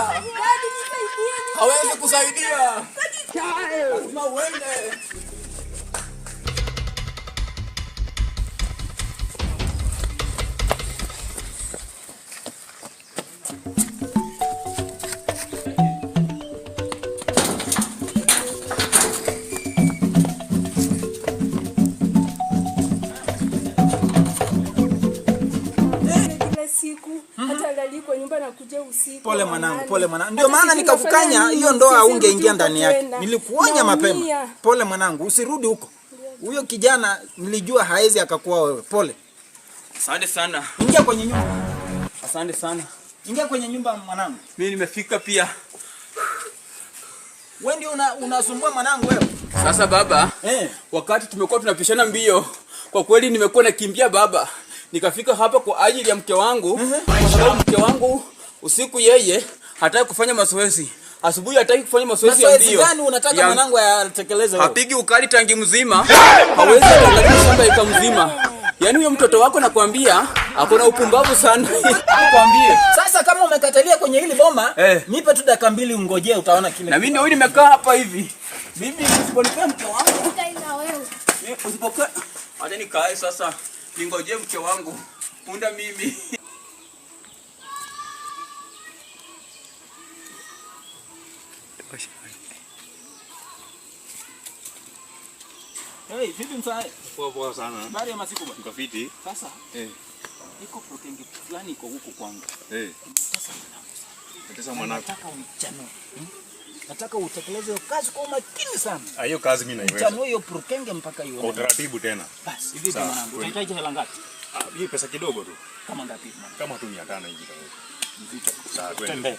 kusaidia, hawezi kusaidia, lazima uende. Pole mwanangu, pole mwanangu. Ndio maana nikakukanya hiyo ndoa ungeingia ndani yake. Nilikuonya mapema. Pole mwanangu, usirudi huko. Huyo kijana nilijua haezi akakuwa wewe. Pole. Asante sana. Ingia kwenye nyumba. Asante sana. Ingia kwenye nyumba mwanangu. Mimi nimefika pia. Wewe ndio una, unasumbua mwanangu wewe. Sasa baba, eh, wakati tumekuwa tunapishana mbio, kwa kweli nimekuwa nakimbia baba. Nikafika hapa kwa ajili ya mke wangu, kwa sababu mke wangu usiku yeye hataki kufanya mazoezi asubuhi hataki kufanya mazoezi ya mbio. Gani unataka ya... mwanangu ayatekeleze? Hapigi ukali tangi mzima, hawezi kuangalia shamba ika mzima. Yaani huyo mtoto wako nakwambia akona upumbavu sana. Nakwambia. Sasa kama umekatalia kwenye hili boma, eh, nipe tu dakika mbili ungojee utaona kile. Na mimi ndio nimekaa hapa hivi. Mimi usiponipea mke wangu. Utaenda wewe. Eh, Usipokaa. Hata nikae sasa. Ningojee mke wangu. Punda mimi. Hey, vipi msae? Poa poa sana. Habari ya masiku bwana. Mkafiti. Sasa. Eh. Iko protenge fulani iko huko kwangu. Eh. Sasa mwanangu. Sasa mwanangu. Nataka mchano. Hmm? Nataka utekeleze kazi kwa umakini sana. Ah, hiyo kazi mimi naiweza. Mchano hiyo protenge mpaka ione. Kwa utaratibu tena. Basi, hivi kwa mwanangu. Unahitaji hela ngapi? Ah, hii pesa kidogo tu. Kama ngapi? Kama tu 500 hivi Mzito. Sawa, twende.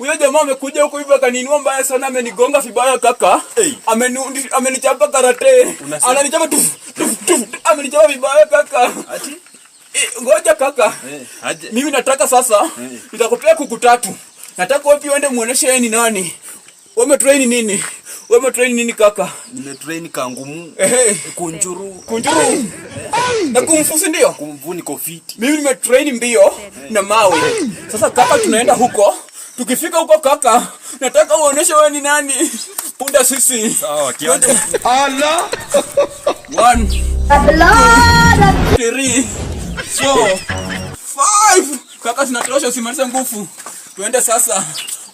huyo jamaa amekuja huko hivi akaniinua mbaya sana, amenigonga vibaya kaka. Hey. Amenichapa karate, ananichapa tu tu, amenichapa vibaya kaka. Ati eh, ngoja kaka, hey, eh, mimi nataka sasa eh. nitakupea kuku tatu. Nataka wapi uende muoneshe yeye ni nani, wame train nini wame train nini kaka? Nime Nimetrain kangumu. Ehe. Kunjuru. Kunjuru. Hey. Na kumfusi ndio? kumvuni kofiti. Mimi nime train mbio hey, na mawe. Hey. Sasa kaka tunaenda huko. Tukifika huko kaka, nataka uoneshe wewe ni nani. Punda sisi. Sawa, kiote. Allah. 1. Allah. 3. Four. Five. Kaka, tunatosha, usimalize nguvu. Tuende sasa.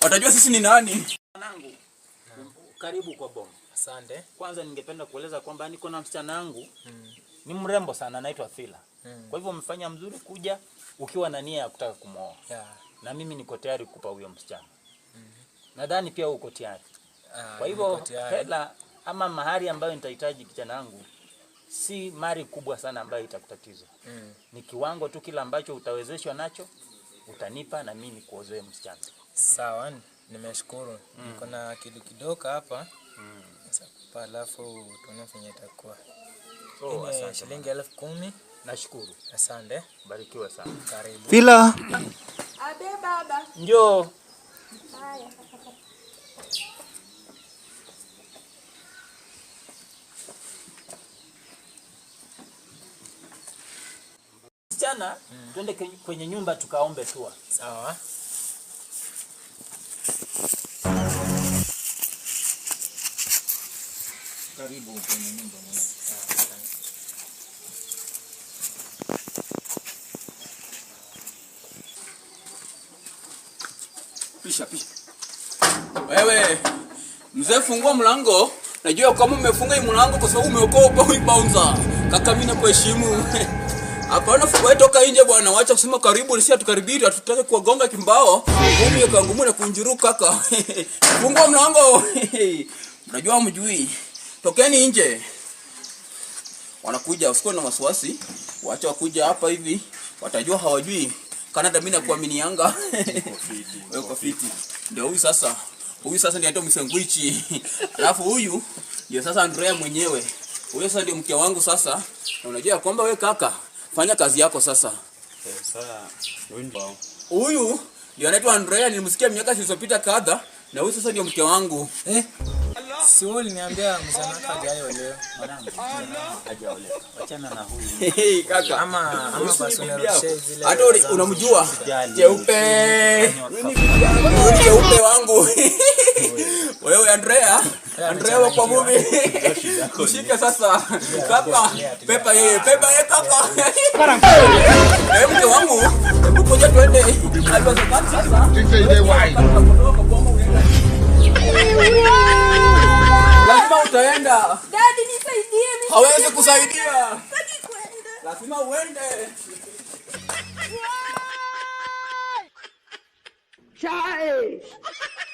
Watajua sisi ni nani. Wanangu. Karibu kwa bomu. Asante. Kwanza ningependa kueleza kwamba niko na msichana wangu. Hmm. Ni mrembo sana, anaitwa Thila. Hmm. Kwa hivyo umefanya mzuri kuja ukiwa na nia ya kutaka kumwoa. Yeah na mimi niko tayari kukupa huyo msichana mm -hmm. Nadhani pia uko tayari ah, kwa hivyo hela ama mahari ambayo nitahitaji kijana wangu si mali kubwa sana ambayo itakutatiza mm. Ni kiwango tu kile ambacho utawezeshwa nacho utanipa na mimi nikuozoe msichana. Sawa, nimeshukuru. Mm. Niko na kidu kidoka hapa mm. Sasa kupa alafu tuone venye itakuwa. Oh, asante shilingi elfu kumi. Nashukuru, asante, barikiwa sana. Karibu Fila. Abe baba. Njoo. Haya. Msichana, hmm. Twende kwenye nyumba tukaombe tua. Sawa. Karibu kwenye nyumba mwana. Pisha pisha. Wewe mzee, fungua mlango. Najua kama umefunga hii mlango kwa sababu umeokopa huyu bouncer. Kaka mimi nakuheshimu. Hapana, fungua toka nje bwana. Wacha kusema karibu, sisi hatukaribiri, hatutaki kuwagonga kimbao. Mimi ya kangumu na kunjuruka kaka. Fungua mlango. Unajua mjui. Tokeni nje. Wanakuja, usikuwa na wasiwasi. Wacha wakuja hapa hivi. Watajua hawajui. Kanada mimi nakuaminianga. Weko fiti. Ndio huyu sasa. Huyu sasa ndiye anaitwa Msengwichi. Alafu huyu ndio sasa Andrea mwenyewe. Huyu sasa ndio mke wangu sasa. Na unajua kwamba wewe kaka, fanya kazi yako sasa. Eh, sasa. Huyu ndio anaitwa Andrea, nilimsikia miaka zilizopita kadha, na huyu sasa ndio mke wangu. Eh? Si wewe uliniambia mzanaka hajaolewa. Mwanangu. na huyu. kaka. Ama ama basi unarushia zile. Hata unamjua? Jeupe. Jeupe wangu. Wewe Andrea, Andrea wa kwa Shika sasa. Kaka, pepa yeye, pepa yeye kaka. Wewe mke wangu, hebu kuja twende. Alikuwa sasa. Tusaidie wine lazima utaenda. Daddy nisaidie mimi. Hawezi kusaidia. Lazima uende. Chai.